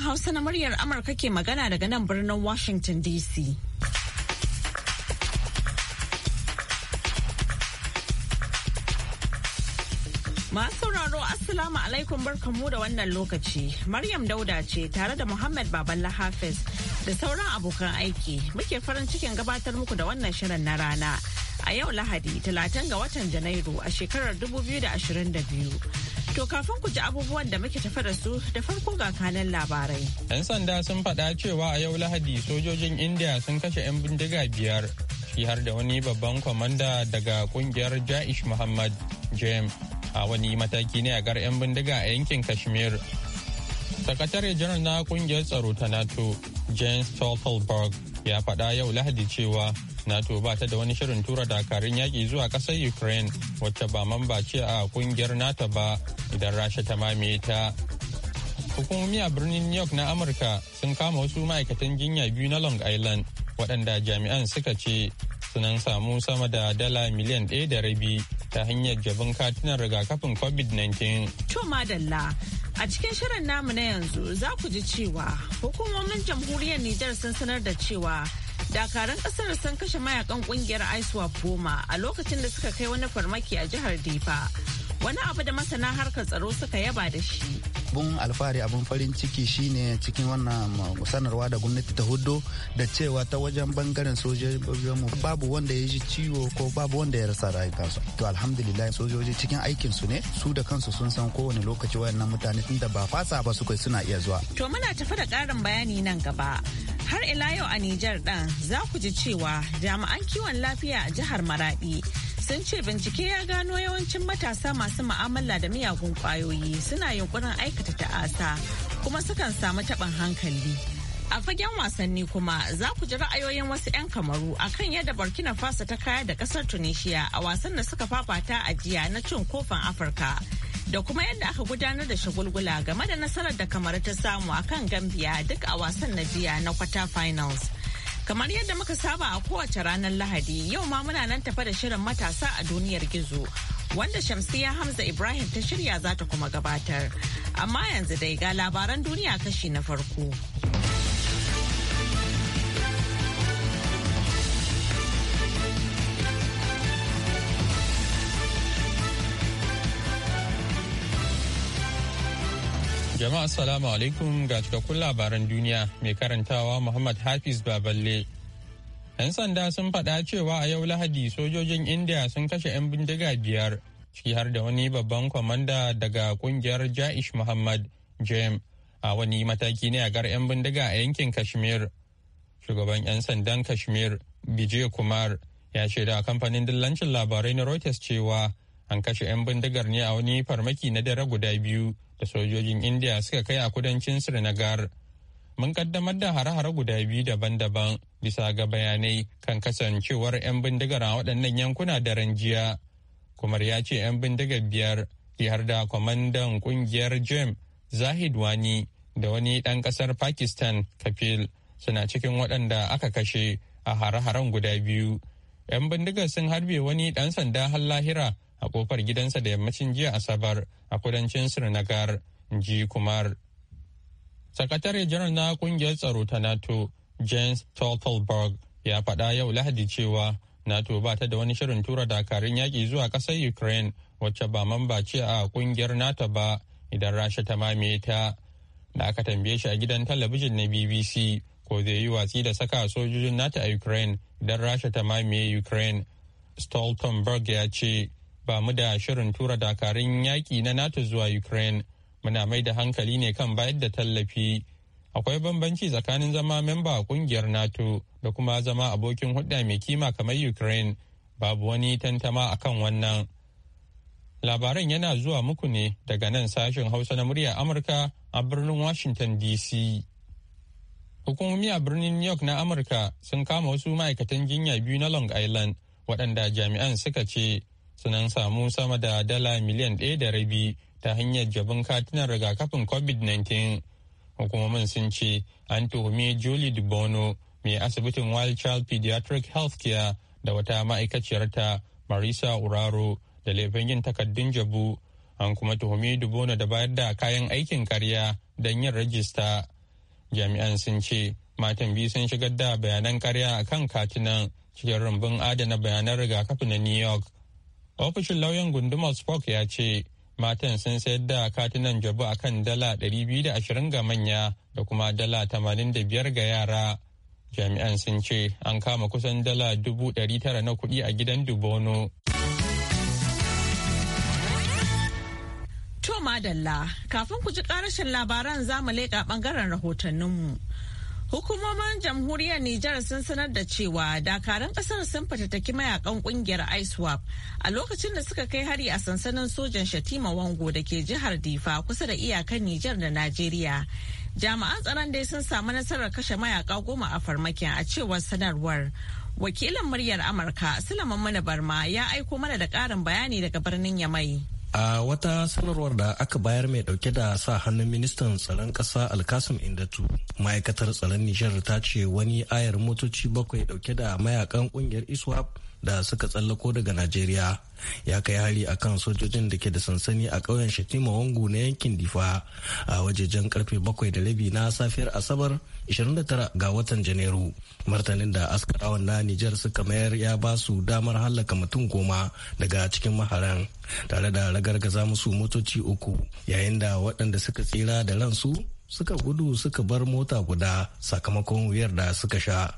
Hausa na muryar Amurka ke magana daga nan birnin Washington DC. Masu sauraro Assalamu alaikum barkamu da wannan lokaci. Maryam Dauda ce tare da Muhammad Baballa Hafiz da sauran abokan aiki muke farin cikin gabatar muku da wannan shirin na rana. A yau Lahadi 30 ga watan Janairu a shekarar 2022. To kafin ku ji abubuwan da muke tafa da su da farko ga kanan labarai. 'Yan sanda sun faɗa cewa a yau Lahadi sojojin India sun kashe 'yan bindiga biyar shi har da wani babban kwamanda daga kungiyar Ja'ish Muhammad Jem a wani mataki ne a 'yan bindiga a yankin Kashmir. Sakatare janar na kungiyar tsaro ta NATO James Stoltenberg ya faɗa yau Lahadi cewa nato ba ta da wani shirin tura dakarun yaƙi zuwa ƙasar ukraine wacce ba mamba ce a kungiyar nato ba idan rasha ta mamaye ta hukumomi a birnin new york na amurka sun kama wasu ma'aikatan jinya biyu na long island waɗanda jami'an suka ce sunan samu sama da dala miliyan ɗaya da rabi ta hanyar jabin katunan rigakafin covid-19 to madalla A cikin shirin namu na yanzu za ku ji cewa hukumomin jamhuriyar Nijar sun sanar da cewa Dakaran kasar sun kashe mayakan kungiyar Aiswa goma a lokacin da suka kai wani farmaki a jihar Difa. Wani abu da masana harkar tsaro suka yaba da shi. abun alfahari abun farin ciki shine cikin wannan sanarwa da gwamnati ta hudu da cewa ta wajen bangaren sojojinmu babu wanda ya ji ciwo ko babu wanda ya rasa rayukansu to alhamdulillah sojoji cikin aikin su ne su da kansu sun san kowane lokaci wayannan mutane tunda ba fasa ba su kai suna iya zuwa to muna tafi da karin bayani nan gaba Har ila yau a Nijar ɗin za ku ji cewa jami'an kiwon lafiya a jihar Maraɗi sun ce bincike ya gano yawancin matasa masu ma'amala da miyagun ƙwayoyi suna yunkurin aikata ta'asa kuma sukan samu taɓin hankali. A fagen wasanni kuma za ku ji ra'ayoyin wasu 'yan kamaru akan yadda Burkina Faso ta kaya da ƙasar Tunisia a wasan da suka fafata a jiya na cin kofin Afirka. da kuma yadda aka gudanar da shagulgula game da nasarar da kamar ta samu a kan Gambia duk a wasan na jiya na kwata finals. Kamar yadda muka saba a kowace ranar Lahadi yau ma muna nan tafa da shirin matasa a duniyar gizo wanda Shamsiya Hamza Ibrahim ta shirya za ta kuma gabatar. Amma yanzu dai ga labaran duniya kashi na farko. Jama'a salamu alaikum ga cikakkun labaran duniya mai karantawa Muhammad Hafiz Baballe. 'Yan sanda sun faɗa cewa a yau Lahadi sojojin India sun kashe 'yan bindiga biyar ciki har da wani babban kwamanda daga kungiyar Ja'ish Muhammad Jem a wani mataki ne a gar 'yan bindiga a yankin Kashmir. Shugaban 'yan sandan Kashmir Bijay Kumar ya shaida kamfanin dillancin labarai na Reuters cewa an kashe 'yan bindigar ne a wani farmaki na dare guda biyu da sojojin indiya suka kai a kudancin Srinagar. Mun kaddamar da hare-hare guda biyu daban-daban bisa ga bayanai kan kasancewar 'yan bindigar a waɗannan yankuna da ranjiya. Kumar ya ce 'yan bindigar biyar har da kwamandan ƙungiyar Jem Zahid Wani da wani ɗan ƙasar Pakistan Kafil suna cikin waɗanda aka kashe a hare-haren guda biyu. 'Yan bindigar sun harbe wani ɗan sanda har lahira a kofar gidansa da yammacin jiya asabar a kudancin srinagar ji kumar sakatare janar na kungiyar tsaro ta nato james stoltenberg ya faɗa yau lahadi cewa nato ba ta da wani shirin tura dakarun yaƙi zuwa ƙasar ukraine wacce ba mamba ce a kungiyar nato ba idan rasha ta mame ta da aka tambaye shi a gidan talabijin na bbc ko zai yi watsi da saka sojojin nato a ukraine idan rasha ta mame ukraine stoltenberg ya ce ba mu da shirin tura dakarun yaƙi na NATO zuwa Ukraine, muna mai da hankali ne kan bayar da tallafi. Akwai bambanci tsakanin zama memba a ƙungiyar NATO da kuma zama abokin hudda mai kima kamar Ukraine, babu wani tantama akan wannan. Labaran yana zuwa muku ne daga nan sashen Hausa na murya Amurka a birnin Washington DC. Hukumomi a birnin New York na Amurka sun kama wasu ma'aikatan jinya biyu na Long Island waɗanda jami'an suka ce sunan samu sama da dala miliyan ɗaya da rabi ta hanyar jabin katunan rigakafin covid-19 hukumomin sun ce an tuhumi julie dubono mai asibitin wild child pediatric healthcare da wata ma'aikaciyarta marisa uraro da laifin yin takardun jabu an kuma tuhumi dubono da bayar da kayan aikin karya don yin rajista jami'an sun ce matan biyu sun shigar da bayanan karya a kan katunan cikin rumbun adana bayanan rigakafi na new york ofishin lauyan gundumar spock ya ce matan sun sayar da katinan jabu a kan dala 220 ga manya da kuma dala 85 ga yara jami'an sun ce an kama kusan dala 900 na kuɗi a gidan dubono To madalla kafin ku ji karashin labaran zamu leƙa ɓangaren rahotanninmu. Hukumomin jamhuriyar Nijar sun sanar da cewa dakaran kasar sun fatattaki mayakan kungiyar ISWAP a lokacin da suka kai hari a sansanin sojan Shatima Wango da ke jihar Difa kusa da iyakan Nijar da Najeriya. Jami'an tsaron dai sun samu nasarar kashe mayaka goma a farmakin a cewar sanarwar. Wakilin muryar Amurka Sulaiman Mana Barma ya aiko mana da ƙarin bayani daga birnin Yamai. a wata sanarwar da aka bayar mai dauke da sa hannun ministan tsaron ƙasa alkasim indatu ma'aikatar tsaron nijar ta ce wani ayar motoci bakwai dauke da mayakan kungiyar iswap da suka tsallako daga najeriya ya kai hari a kan sojojin da ke da sansani a ƙauyen shatima wangu na yankin difa a wajejen karfe bakwai da rabi na safiyar asabar 29 ga watan janairu martanin da askarawan na nijar suka mayar ya ba su damar hallaka mutum goma daga cikin maharan tare da ragargaza musu motoci uku yayin da waɗanda suka tsira da ransu suka gudu suka bar mota guda sakamakon wuyar da suka sha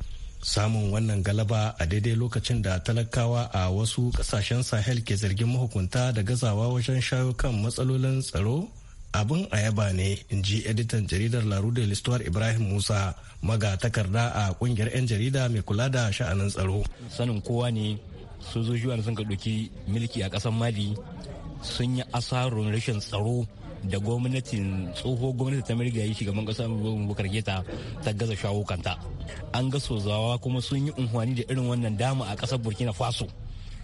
samun wannan galaba a daidai lokacin da talakawa a wasu kasashen sahel ke zargin mahukunta da gazawa wajen shayo kan matsalolin tsaro abin yaba ne in ji editan jaridar larude listuwar ibrahim musa maga takarda a kungiyar 'yan jarida mai kula da sha'anin tsaro sanin kowa ne sojoji sun ka mulki a ƙasar mali sun yi asarun rashin tsaro da gwamnatin tsoho gwamnati ta mirga yi shugaban kasa bukar geta ta gaza shawo kanta an ga sozawa kuma sun yi unhwani da irin wannan dama a kasar burkina faso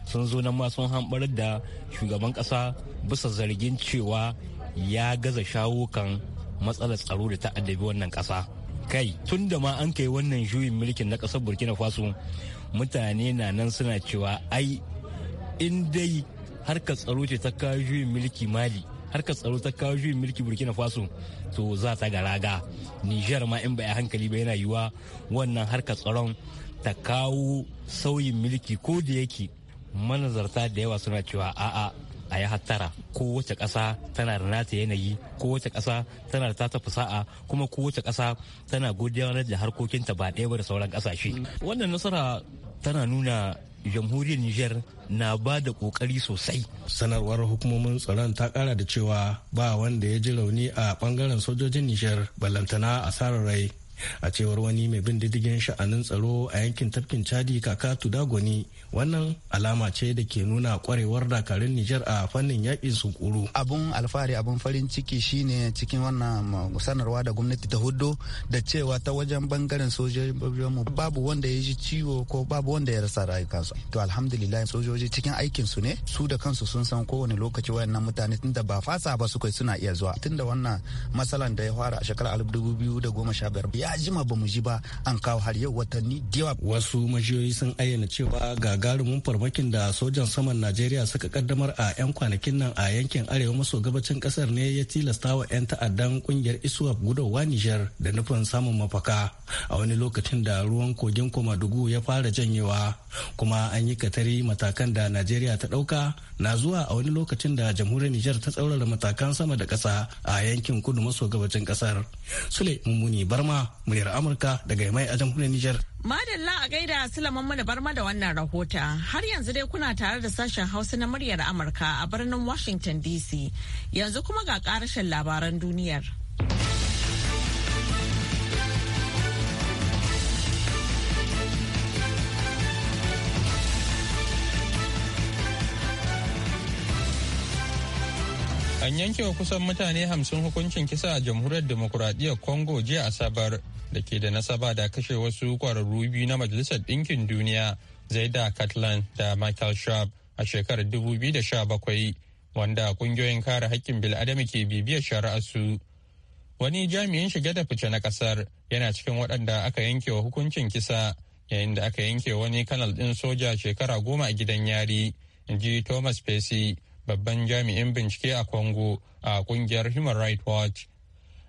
sun zo nan ma sun hambar da shugaban kasa bisa zargin cewa ya gaza shawo kan matsalar tsaro da ta addabi wannan kasa kai tun da ma an kai wannan juyin mulkin na kasar burkina faso mutane na nan suna cewa ai in dai harkar tsaro ce ta kawo juyin mulki mali harkar tsaro ta kawo juyin mulki burkina faso to za ta ga raga niger ma in ba a hankali ba yana yiwa wannan harkar tsaron ta kawo sauyin mulki ko da yake manazarta da yawa suna cewa a'a a yi hattara kowace ƙasa tana da nata yanayi ko kowace ƙasa tana da tata fasa'a kuma ko kowace ƙasa tana godiya da harkokinta ba ɗaya ba da sauran ƙasashe wannan nasara tana nuna jamhuriyar Nijar na ba da kokari sosai. Sanarwar hukumomin tsaron ta kara da cewa ba wanda ya ji rauni a bangaren sojojin Nijar balantana asarar rai a cewar wani mai bin diddigin sha'anin tsaro a yankin tafkin chadi kaka tudagoni wannan alama ce da ke nuna kwarewar dakarun nijar a fannin yakin sunkuru abun alfahari abun farin ciki shine cikin wannan sanarwa da gwamnati ta hudu da cewa ta wajen bangaren mu babu wanda ya ji ciwo ko babu wanda ya rasa rayukansu to alhamdulillah sojoji cikin aikin su ne su da kansu sun san kowane lokaci wayannan mutane tunda ba fasa ba su kai suna iya zuwa tunda wannan matsalan da ya fara a shekarar 2015 ya jima ba mu ji ba an kawo har yau watanni Wasu majiyoyi sun ayyana cewa gagarumin farmakin da sojan saman Najeriya suka kaddamar a 'yan kwanakin nan a yankin arewa maso gabacin kasar ne ya tilasta wa 'yan ta'addan kungiyar isuwa gudowa Nijar da nufin samun mafaka a wani lokacin da ruwan kogin Komadugu ya fara janyewa kuma an yi katari matakan da Najeriya ta dauka na zuwa a wani lokacin da jamhuriyar Nijar ta tsaurara matakan sama da kasa a yankin kudu maso gabacin kasar Sule Mummuni Barma muryar Amurka daga mai a jamhuriyar Nijar. Madalla a gaida Sulaiman mana barma da wannan rahota. Har yanzu dai kuna tare da sashen Hausa na muryar Amurka a birnin Washington DC. Yanzu kuma ga karashin labaran duniyar. An yanke wa kusan mutane hamsin hukuncin kisa a jamhuriyar demokuraɗiyyar Congo jiya Asabar da ke da nasaba da kashe wasu kwararru biyu na majalisar ɗinkin duniya zaida catalan da michael sharp a shekarar 2017 wanda kungiyoyin kare haƙƙin bil'adama ke bibiyar shari'arsu wani jami'in shige da fice na ƙasar yana cikin waɗanda aka yanke wa hukuncin kisa yayin da aka yanke wani kanal ɗin soja shekara goma a gidan yari in ji thomas Pesci babban jami'in bincike a congo a ƙungiyar human rights watch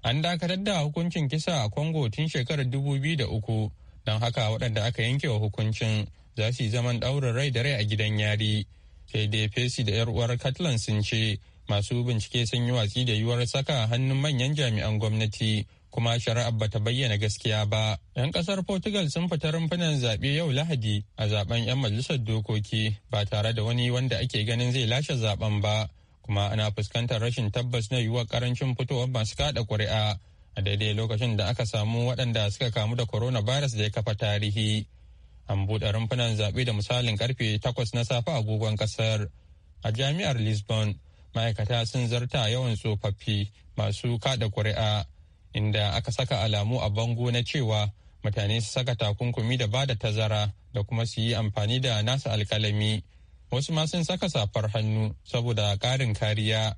An dakatar da hukuncin kisa a Congo tun shekarar dubu biyu da uku. don haka waɗanda aka yanke wa hukuncin za su yi zaman ɗaurin rai da rai a gidan yari. Sai dai Fesi da yar'uwar uwar Catalan sun ce masu bincike sun yi watsi da yiwuwar saka hannun manyan jami'an gwamnati kuma shari'ar ba ta bayyana gaskiya ba. 'Yan ƙasar Portugal sun fita rumfunan zaɓe yau Lahadi a zaben 'yan majalisar dokoki ba tare da wani wanda ake ganin zai lashe zaben ba. kuma ana fuskantar rashin tabbas na yiwuwar karancin fitowar masu kada kuri'a a daidai lokacin da aka samu waɗanda suka kamu da corona coronavirus da ya kafa tarihi an buɗe rumfunan zaɓe da misalin karfe takwas na safe a agogon ƙasar a jami'ar lisbon ma'aikata sun zarta yawan tsofaffi masu kada kuri'a inda aka saka alamu a bango na cewa mutane su saka takunkumi da ba da tazara da kuma su yi amfani da nasu alkalami wasu ma sun saka safar hannu saboda ƙarin kariya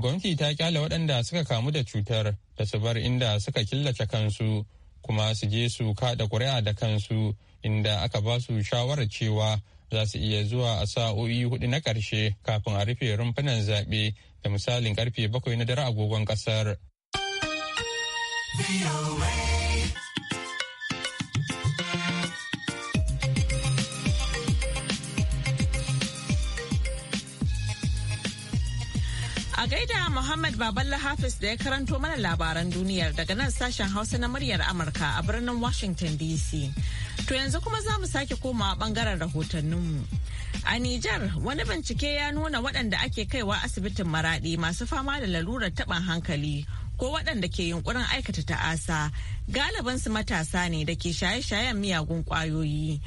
gwamnati ta kyale waɗanda suka kamu da cutar da su bar inda suka killace kansu kuma su je su kaɗa ƙuri'a da kansu inda aka ba su shawarar cewa za su iya zuwa a sa'o'i hudu na ƙarshe kafin a rufe rumfunan zaɓe da misalin ƙarfe bakwai na dare agogon ƙasar. gaida Muhammad Baballa Hafiz da ya karanto mana labaran duniyar daga nan sashen Hausa na muryar Amurka a birnin Washington DC. To yanzu kuma za mu sake komawa bangaren rahotanninmu. A Nijar, wani bincike ya nuna waɗanda ake kaiwa asibitin maraɗi masu fama da lalurar taɓin hankali ko waɗanda ke yunkurin aikata ta'asa galibin su matasa ne da ke shaye-shayen miyagun ƙwayoyi.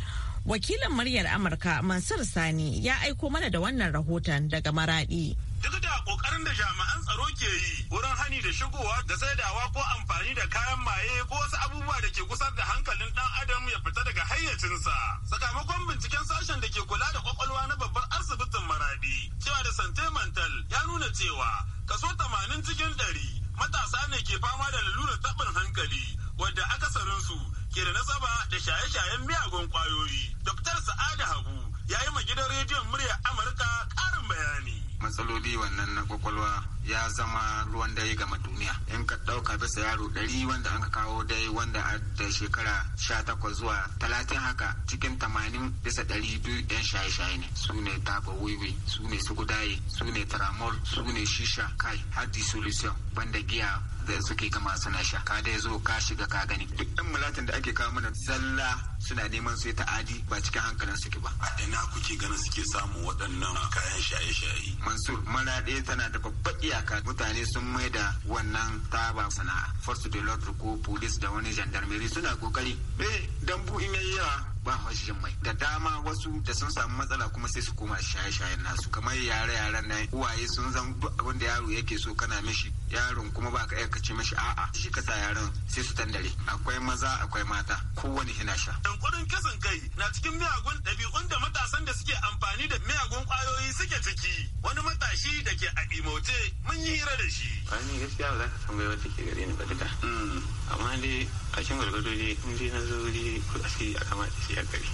Wakilin muryar Amurka Mansur Sani ya aiko mana da wannan rahoton daga maraɗi. duk da kokarin da jami'an tsaro ke yi wurin hani da shigowa da saidawa ko amfani da kayan maye ko wasu abubuwa da ke kusar da hankalin dan adam ya fita daga hayyacinsa sakamakon binciken sashen da ke kula da kwakwalwa na babbar asibitin maradi cewa da santimental ya nuna cewa kaso tamanin cikin 100 matasa ne ke fama da lalurar tabin hankali wadda akasarinsu ke da nasaba da shaye-shayen miyagun kwayoyi dr sa'ada habu ya yi ma gidan rediyon muryar amurka ƙarin bayani matsaloli wannan na kwakwalwa ya zama ruwan dare gama duniya in ka ɗauka bisa yaro ɗari wanda an kawo dai wanda a da shekara sha takwas zuwa talatin haka cikin tamanin bisa ɗari biyu yan shaye-shaye ne su ne taba wiwi su ne su gudaye su ne tramol su ne shisha kai har solution banda giya da suke gama suna sha ka dai zo ka shiga ka gani duk ɗan mulatin da ake kawo mana zalla suna neman su yi ta'adi ba cikin hankalin suke ba a ina kuke ganin suke samun waɗannan kayan shaye-shaye mansur ɗaya tana da babbar iya iyaka mutane sun da wannan taba sana'a force de l'ordre ko police da wani gendarmerie suna kokari dan eh, dambu in yayi yawa ba hajjin mai da dama wasu da sun samu matsala kuma sai su koma shaye-shayen nasu kamar yare-yaren nan uwaye sun zan abin da yaro yake so kana mishi yaron kuma ba ka aikace mashi a'a shi ka sa yaron sai su tandare akwai maza akwai mata kowane hina sha yankurin kisan kai na cikin miyagun ɗabi'un da matasan da suke amfani da miyagun kwayoyi suke ciki wani matashi da ke a imote mun yi hira da shi wani gaskiya ba za ka san wata ke gare ni ba duka mm. amma dai a cikin gwargwado dai in dai na zo wuri ko a a kamata shi a gari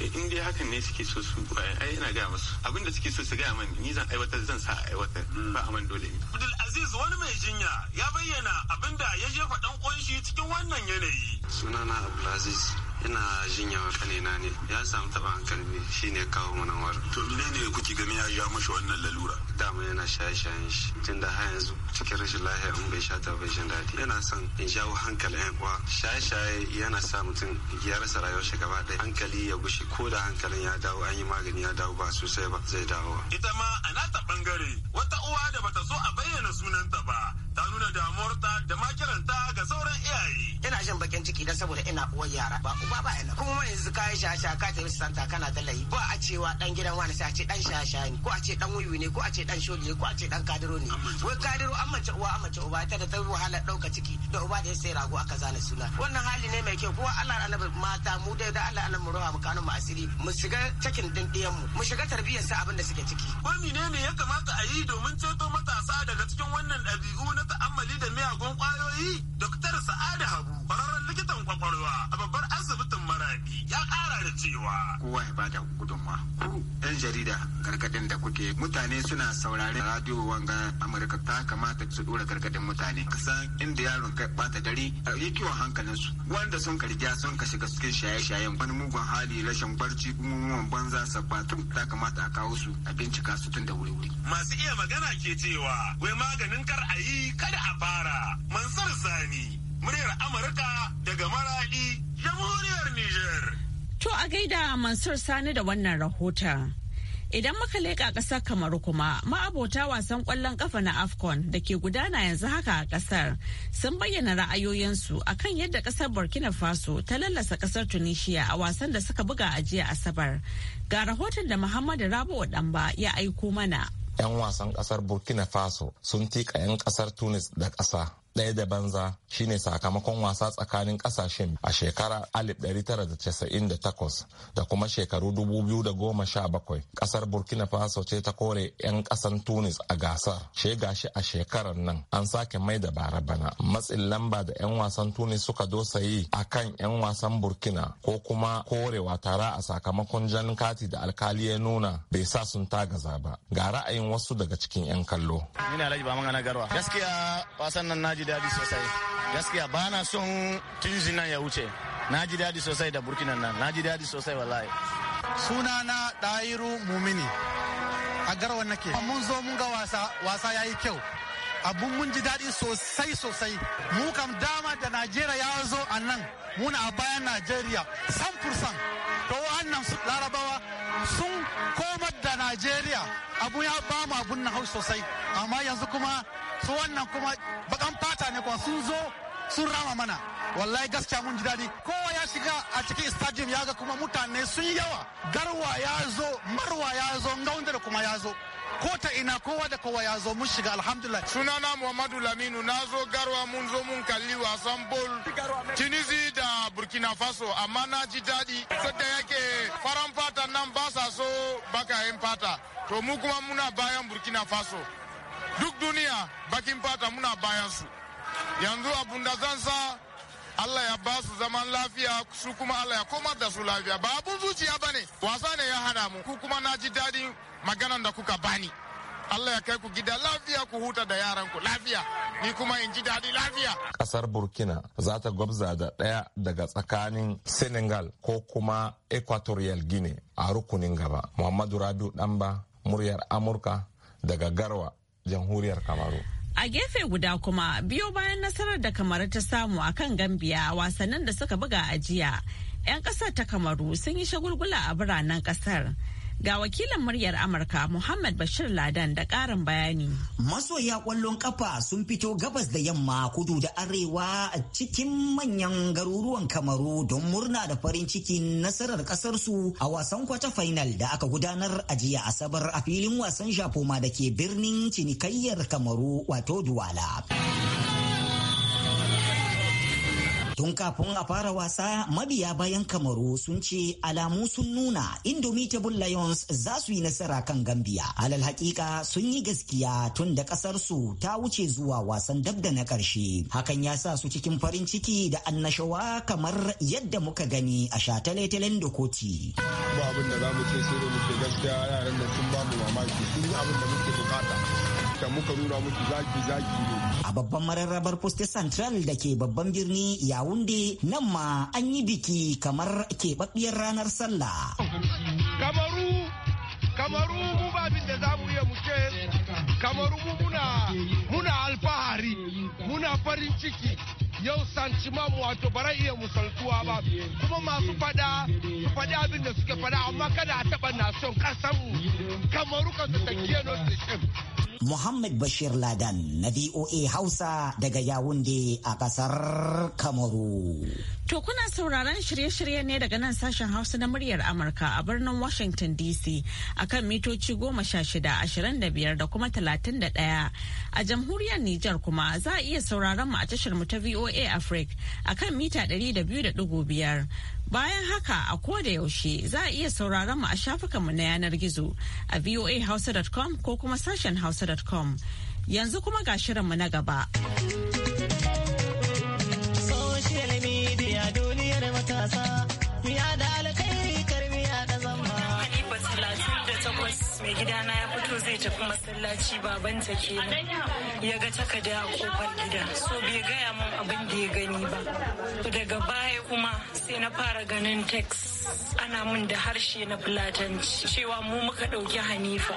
Eh, in dai hakan ne suke so su eh, ai ina ga musu abin da suke so su gaya mani ni zan aiwatar zan sa aiwatar hmm. ba man dole ne Abdul Aziz wani mai jinya ya bayyana abin da ya jefa dan koyi shi cikin wannan yanayi sunana Abdul Aziz ina jin kane na ne ya samu taba hankali ne shi ne kawo mana wurin to ne ne kuke gani ya ja mashi wannan lalura dama yana shaye-shayen shi tun da har yanzu cikin rashin lahiya in bai sha ta bai jin daɗi yana son in jawo hankali yan uwa shaye-shaye yana sa mutum ya rasa rayuwar shi gaba ɗaya hankali ya gushe ko da hankalin ya dawo an yi magani ya dawo ba sosai ba zai dawo ita ma a nata bangare wata uwa da bata so a bayyana sunanta ba nuna damuwarta da ma kiranta ga sauran iyaye. Ina jin bakin ciki don saboda ina uwar yara ba uba ba yana. Kuma ma yanzu kayan shasha ka tafi santa kana layi. ba a cewa dan gidan wani sai a ce dan shasha ne ko a ce dan wuyu ne ko a ce dan sholi ne ko a ce dan kadiro ne. Wai kadiro an mace uwa an mace uba ta da ta wahala ɗauka ciki da uba da ya sai rago aka zana suna. Wannan hali ne mai kyau kowa Allah annabi mata mu dai da Allah annabi ruwa mu kanu mu asiri mu shiga cikin din mu mu shiga tarbiyyar sa abin da suke ciki. Ko ne ya kamata a yi domin ceto matasa daga cikin wannan ɗabi'u na ta'a ta'ammali da miyagun kwayoyi Dr. Sa'ada Habu, kwararren likitan kwakwalwa a babbar asibitin maradi ya kara da cewa kowa ya bada gudunmawa ku yan jarida gargadin da kuke mutane suna sauraren radio wanga amurka ta kamata su dora gargadin mutane kasan inda yaron kai bata dare a yi kiwon hankalin wanda sun karja sun ka shiga cikin shaye-shayen wani mugun hali rashin barci umuman banza sabbatu ta kamata a kawo su a bincika su tun da wuri-wuri masu iya magana ke cewa wai maganin kar a yi kada a fara mansar sani muryar Amurka daga Maradi, Jamhuriyar Nijar. To a gaida Mansur Sani da wannan rahoton. Idan muka leƙa ƙasar kamar kuma ma'abota wasan ƙwallon ƙafa na AFCON da ke gudana yanzu haka a ƙasar sun bayyana ra'ayoyinsu a kan yadda ƙasar Burkina Faso ta lallasa ƙasar Tunisia a wasan da suka buga a jiya Asabar. Ga rahoton da Muhammadu Rabu Ɗanba ya aiko mana. 'Yan wasan ƙasar Burkina Faso sun tika 'yan ƙasar Tunis da ƙasa ɗaya da banza shine sakamakon wasa tsakanin ƙasashen a shekara 1998 da kuma shekaru 2017 ƙasar burkina faso ce ta kore 'yan ƙasan tunis a gasar she gashi a shekarar nan an sake mai da bara bana matsin lamba da 'yan wasan tunis suka dosa yi a kan 'yan wasan burkina ko kuma korewa tara a sakamakon jan kati da alkali ya nuna bai sa sun tagaza ba ga ra'ayin wasu daga cikin 'yan kallo gaskiya wasan nan ji daɗi sosai gaskiya ba na son tunisi nan ya wuce na ji daɗi sosai da burkina nan na ji daɗi sosai wallahi suna na ɗayiru mumini a garwa nake mun zo mun ga wasa wasa ya yi kyau abun mun ji daɗi sosai sosai mu kam dama da najeriya ya zo a nan muna a bayan najeriya san fursan to wannan larabawa sun komar da najeriya abu ya ba mu abun na hau sosai amma yanzu kuma su wannan kuma bakan fata ne kuma sun zo sun rama mana wallahi gaskiya mun ji daɗi kowa ya shiga a cikin stadium ya ga kuma mutane sun yawa garwa ya zo marwa ya zo ngaunda da kuma ya zo ko ta ina kowa da kowa ya zo mun shiga alhamdulillah sunana muhammadu laminu na zo garwa mun zo mun kalli wasan bol tunisi da burkina faso amma na ji daɗi sadda yake faran fata nan ba sa so yin fata to mu kuma muna bayan burkina faso duk duniya bakin fata muna bayan su yanzu abun da zan sa Allah ya ba su zaman lafiya su kuma Allah ya komar da su lafiya ba abun zuciya ba ne wasa ne ya hana mu ku kuma na ji daɗin maganan da kuka bani Allah ya kai ku gida lafiya ku huta da yaran ku lafiya ni kuma in ji daɗi lafiya. Ƙasar Burkina za ta gwabza da ɗaya daga tsakanin Senegal ko kuma Equatorial Guinea a rukunin gaba. Muhammadu Radu Ɗanba muryar Amurka daga Garwa jamhuriyar kamaru a gefe guda kuma biyo bayan nasarar da kamaru ta samu a kan gambia wasannin da suka buga a jiya 'yan kasar ta kamaru sun yi shagulgula a biranen kasar Ga wakilin muryar Amurka Muhammad Bashir Ladan da karin bayani. Masoya ƙwallon kafa sun fito gabas da yamma kudu da arewa a cikin manyan garuruwan Kamaru don murna da farin cikin nasarar ƙasarsu a wasan kwata final da aka gudanar a jiya Asabar a filin wasan Shafoma da ke birnin cinikayyar Kamaru wato Duwala. Tun kafin a fara wasa mabiya bayan Kamaru sun ce alamu sun nuna Indomitable Lions za su yi nasara kan Gambia. Alal hakika sun yi gaskiya tun da kasar su ta wuce zuwa wasan dab da na karshe. Hakan ya sa su cikin farin ciki da annashawa kamar yadda muka gani a shataletalen Dokoti. Ba abin da za mu ce sai da muke gaskiya yaran da sun ba mu mamaki sun yi abin da muke bukata. da muka nuna musu zaki zaki ne. A babban mararrabar Poste Central da ke babban birni Yawunde nan ma an yi biki kamar keɓaɓɓiyar ranar sallah. Kamaru kamaru mu ba abin da za mu iya mu ce kamaru mu muna muna alfahari muna farin ciki yau san mu wato bara iya musaltuwa ba kuma masu fada su fada abin da suke fada amma kada a taba nason kasan mu kamaru kan ta take no Muhammad Bashir Ladan na VOA Hausa daga Yawunde a kasar Kamaru. To kuna sauraron shirye-shirye ne daga nan sashen Hausa na muryar Amurka a birnin Washington DC akan mitoci goma sha shida ashirin da biyar da kuma talatin da ɗaya. A jamhuriyar Nijar kuma za a iya sauraron mu a tashar mu ta VOA Africa akan mita ɗari da biyu da ɗigo biyar. Bayan haka a koda yaushe za a iya sauraron mu a shafukanmu na yanar gizo a voahausa.com ko kuma sashen hausa.com. Yanzu kuma ga shirinmu na gaba. mai gidana tafi masallaci babanta nan ya ga takarda a kofar gida so bai gaya min abin da ya gani ba daga baya kuma sai na fara ganin tex ana min da harshe na fulatanci cewa mu muka ɗauki hanifa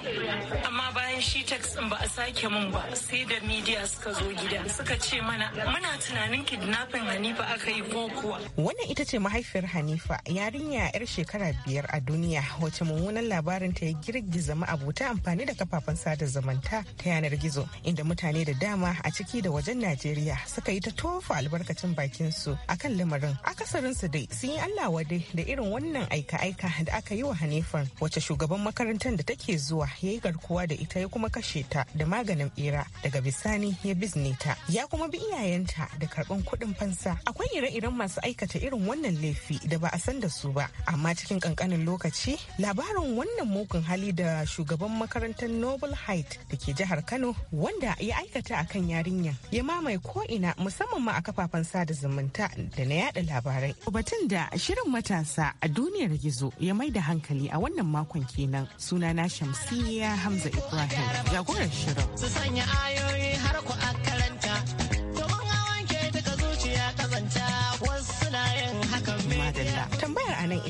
amma bayan shi din ba a sake min ba sai da media suka zo gida suka ce mana muna tunanin kidnapping hanifa aka yi ko kuwa wannan ita ce mahaifiyar hanifa yarinya yar shekara biyar a duniya wacce mummunan labarin ta ya girgiza ma'abota amfani da kafa kafafen sada zumunta ta yanar gizo inda mutane da dama a ciki da wajen Najeriya suka yi ta tofa albarkacin bakin su akan lamarin. Akasarin su dai sun yi Allah wade da irin wannan aika-aika da aka yi wa Hanifan wacce shugaban makarantar da take zuwa ya yi garkuwa da ita ya kuma kashe ta da maganin bera daga bisani ya bizne ta ya kuma bi iyayenta da karban kuɗin fansa. Akwai ire-iren masu aikata irin wannan laifi da ba a san da su ba amma cikin kankanin lokaci labarin wannan mugun hali da shugaban makarantar Noble Height da ke jihar Kano wanda ya aikata a kan yarinya ya mamaye ko'ina musamman ma a kafafen sada zumunta da na yada labarai. Batun da shirin matasa a duniyar gizo ya mai da hankali a wannan makon kenan sunana Shamsiyya Hamza Ibrahim jagorar shirin. Su sanya ayoyi har ku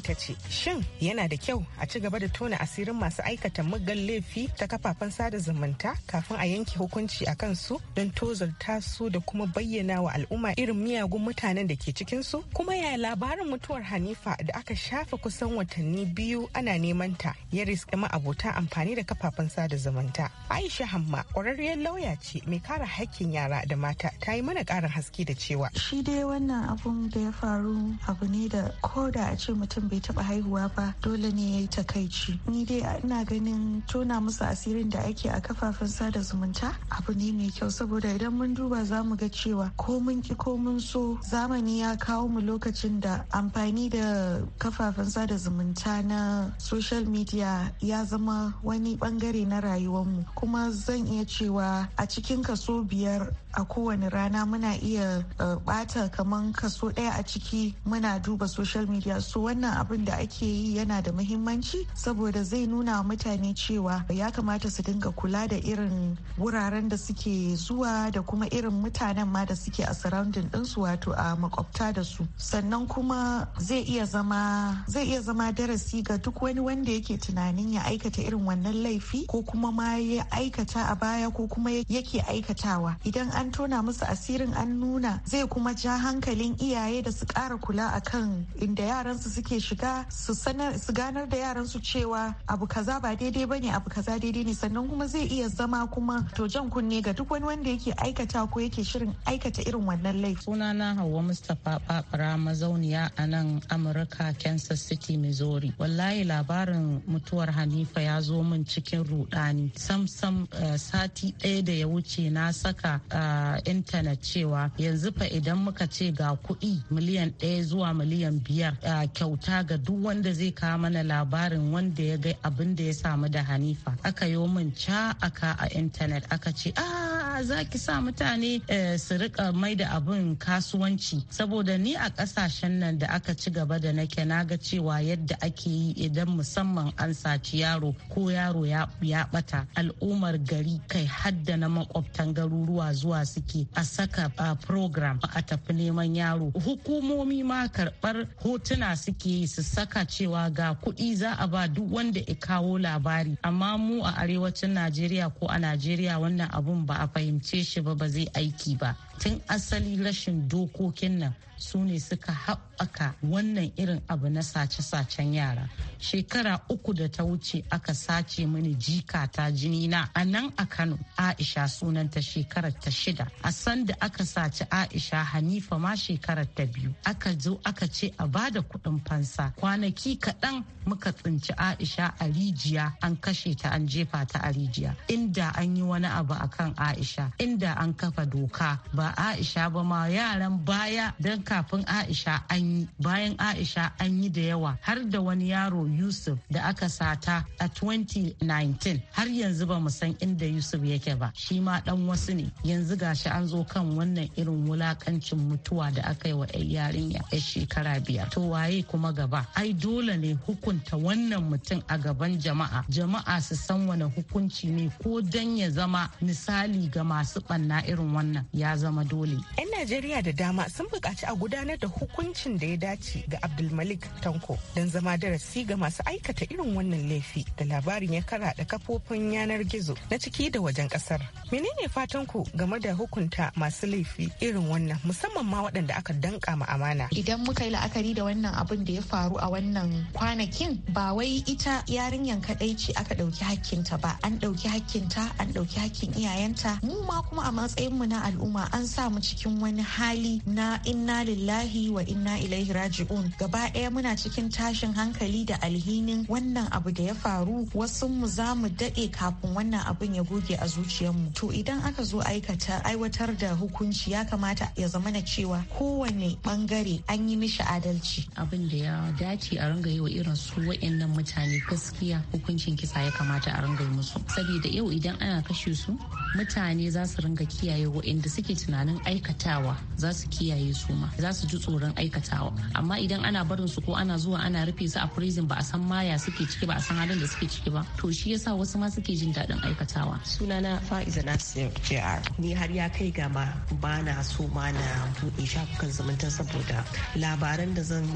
ita ce shin yana da kyau a ci gaba da tona asirin masu aikata muggan laifi ta kafafen sada zumunta kafin a yanke hukunci a kansu don tozarta su da kuma bayyana wa al'umma irin miyagun mutanen da ke cikin su kuma yaya labarin mutuwar hanifa da aka shafe kusan watanni biyu ana neman ta ya riske ma abota amfani da kafafen sada zumunta aisha hamma ƙwararriyar lauya ce mai kara haƙƙin yara da mata ta yi mana ƙarin haske da cewa shi dai wannan abun da ya faru abu ne da ko da a ce mutum bai taba haihuwa ba dole ne ya yi takaici ni dai ina ganin tona musu asirin da ake a kafafen sada zumunta abu ne mai kyau saboda idan mun duba za mu ga cewa ko mun ki ko mun so zamani ya kawo mu lokacin da amfani da kafafen sada zumunta na social media ya zama wani bangare na rayuwarmu kuma zan iya cewa a cikin kaso biyar a kowane rana muna iya bata eh, kaman kaso ɗaya a ciki muna duba social media so wannan abin da ake yi yana da muhimmanci saboda zai nuna mutane cewa ya kamata su dinga kula da irin wuraren da suke zuwa da kuma irin mutanen ma da suke a surrounding ɗinsu wato a makwabta da su sannan kuma zai iya zama zai iya zama darasi ga duk wani wanda yake tunanin ya aikata irin wannan laifi ko kuma ma ya aikata a baya ko kuma yake aikatawa idan an tona musu asirin an nuna zai kuma ja hankalin iyaye da su kara kula a kan inda yaransu suke shiga su ganar da yaransu cewa abu kaza ba daidai bane abu kaza daidai ne sannan kuma zai iya zama kuma to jan kunne ga duk wani wanda yake aikata ko yake shirin aikata irin wannan laifi. Sunana Hauwa Mustapha babara mazauniya a nan Amurka Kansas City Missouri. Wallahi labarin mutuwar Hanifa ya zo min cikin rudani. Sam sam eh, sati ɗaya da ya wuce na saka eh, a intanet cewa yanzu fa idan muka ce ga kuɗi miliyan ɗaya zuwa miliyan biyar a kyauta ga duk wanda zai kawo mana labarin wanda ya ga abin da ya samu da hanifa aka yi min ca aka a intanet aka ce ah za ki sa mutane eh, su rika mai da abin kasuwanci saboda ni a ƙasashen nan da aka ci gaba da nake na ga cewa yadda ake yi idan musamman an saci yaro ko yaro ya bata al'ummar gari kai hadda na makwabtan garuruwa zuwa suke a saka program a tafi neman yaro hukumomi ma karbar hotuna suke yi su saka cewa ga kuɗi za a ba duk wanda ya kawo labari amma mu a arewacin najeriya ko a najeriya wannan abun ba a fahimce shi ba ba zai aiki ba tun asali rashin dokokin nan su ne suka haɓaka wannan irin abu na sace-sacen yara shekara uku da ta wuce aka sace mini jika ta jini na a nan a kano aisha sunanta shekarar ta shida a sanda aka sace aisha hanifa ma shekarar ta biyu aka zo aka ce a bada kuɗin fansa kwanaki kaɗan muka tsinci aisha a rijiya an kashe ta an jefa ta a rijiya inda an yi wani abu akan aisha inda an kafa doka ba ba aisha ba ma yaran baya don kafin aisha an yi bayan aisha an yi da yawa har da wani yaro yusuf da aka sata a 2019 har yanzu ba san inda yusuf yake ba shi ma dan wasu ne yanzu gashi an zo kan wannan irin wulakancin mutuwa da aka yi wa 'yan yarinya a shekara biyar to waye kuma gaba ai dole ne hukunta wannan mutum a gaban jama'a jama'a su san wani hukunci ne ko dan ya zama misali ga masu banna irin wannan ya zama zama dole. 'Yan Najeriya da dama sun buƙaci a gudanar da hukuncin da ya dace ga Abdulmalik Tanko don zama darasi ga masu aikata irin wannan laifi da labarin ya da kafofin yanar gizo na ciki da wajen ƙasar. Menene fatan ku game da hukunta masu laifi irin wannan musamman ma waɗanda aka danka ma amana? Idan muka yi la'akari da wannan abin da ya faru a wannan kwanakin ba wai ita yarinyan kaɗai ce aka ɗauki hakkinta ba an ɗauki hakkinta an ɗauki hakkin iyayenta mu ma kuma a matsayinmu na al'umma an an sa mu cikin wani hali na inna lillahi wa inna ilaihi raji'un gaba ɗaya muna cikin tashin hankali da alhinin wannan abu da ya faru wasu mu za mu daɗe kafin wannan abin ya goge a zuciyarmu to idan aka zo aikata aiwatar da hukunci ya kamata ya zama na cewa kowane bangare an yi mishi adalci abin da ya dace a ranga yawa irin su wa'annan mutane gaskiya hukuncin kisa ya kamata a ringa musu saboda yau idan ana kashe su mutane za su ringa kiyaye wa'anda suke tunani tunanin aikatawa za su kiyaye su ma za su ji tsoron aikatawa amma idan ana barin su ko ana zuwa ana rufe su a prison ba a san maya suke ciki ba a san halin da suke ciki ba to shi yasa wasu ma suke jin daɗin aikatawa sunana fa'iza nasir jr ni har ya kai ga ma ba na so ma na buɗe shafukan zumunta saboda labaran da zan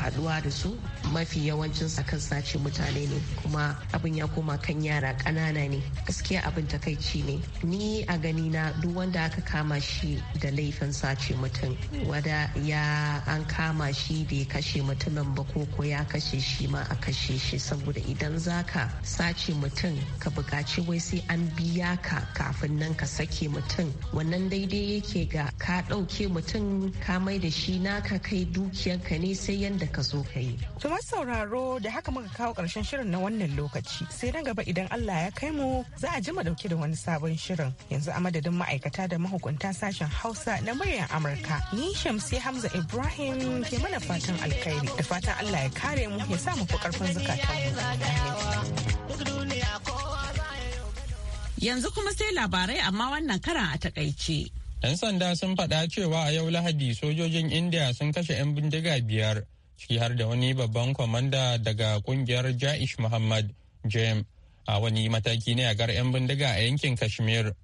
haɗuwa da su mafi yawancin sakan sace mutane ne kuma abin ya koma kan yara kanana ne gaskiya abin takaici ne ni a gani na duk wanda aka kama shi shi da laifin sace mutum wada ya an kama shi bai kashe mutumin ba ko ko ya kashe shi ma a kashe shi saboda idan zaka sace mutum ka bukaci wai sai an biya ka kafin nan ka sake mutum wannan daidai yake ga ka ɗauke mutum ka mai da shi naka kai dukiyanka ne sai yanda ka zo ka yi. Tumar sauraro da haka muka kawo ƙarshen shirin na wannan lokaci sai na gaba idan Allah ya kai mu za a ji mu ɗauke da wani sabon shirin yanzu a madadin ma'aikata da mahukunta sashi sashen Hausa na muryar Amurka. Ni Shamsi Hamza Ibrahim ke mana fatan alkhairi da fatan Allah ya kare mu ya sa mu fi karfin Yanzu kuma sai labarai amma wannan karan a takaice. 'Yan sanda sun faɗa cewa a yau Lahadi sojojin India sun kashe 'yan bindiga biyar ciki har da wani babban kwamanda daga kungiyar Ja'ish Muhammad Jem a wani mataki na yagar 'yan bindiga a yankin Kashmir.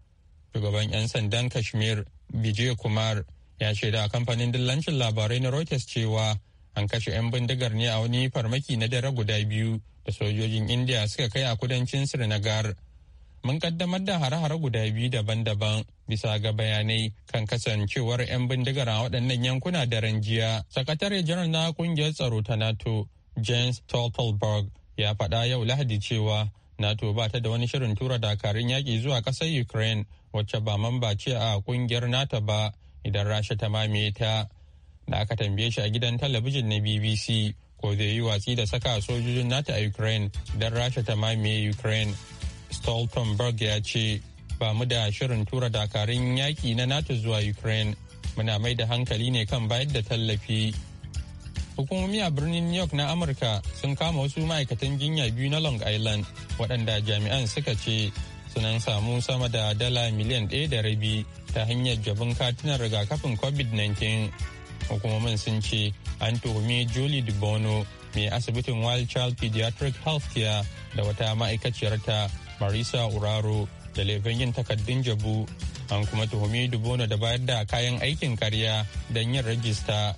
Shugaban 'yan sandan Kashmir Vijay Kumar ya ce da kamfanin dillancin labarai na Reuters cewa an kashe 'yan bindigar ne a wani farmaki na dare guda biyu da sojojin India suka kai a kudancin Srinagar. Mun kaddamar da hare-hare guda biyu daban-daban bisa ga bayanai kan kasancewar 'yan bindigar a waɗannan yankuna da ranjiya. Sakatare janar na kungiyar tsaro ta NATO, James Stoltenberg, ya faɗa yau Lahadi cewa NATO ba ta da wani shirin tura dakarun yaƙi zuwa ƙasar Ukraine wacce ba mamba ce a kungiyar nata ba idan rasha ta mamaye ta da aka tambaye shi a gidan talabijin na bbc ko zai yi watsi da saka sojojin nata a ukraine idan rasha ta mamaye ukraine stoltenberg ya ce ba mu da shirin tura dakarun yaƙi na nato zuwa ukraine muna mai da hankali ne kan bayar da tallafi hukumomi a birnin new york na amurka sun kama wasu ma'aikatan jinya biyu na long island waɗanda jami'an suka ce sunan samu sama da dala miliyan ɗaya da rabi ta hanyar jabin katunan rigakafin covid-19 hukumomin sun ce an tuhumi julie bono mai asibitin wild child pediatric healthcare da wata ma'aikaciyarta marisa uraro da laifin yin takardun jabu an kuma tuhumi dubono da bayar da kayan aikin karya don yin rajista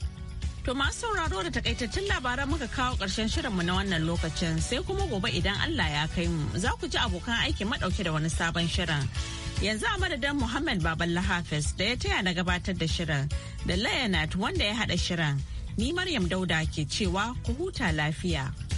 To masu sauraro da takaitaccen labaran muka kawo ƙarshen shirinmu na wannan lokacin sai kuma gobe idan Allah ya kai mu za ku ji abokan aiki madauke da wani sabon shirin. Yanzu a madadin Muhammad Baballa Hafiz da ya taya na gabatar da shirin da Layanat wanda ya haɗa shirin. Ni Maryam Dauda ke cewa ku huta lafiya.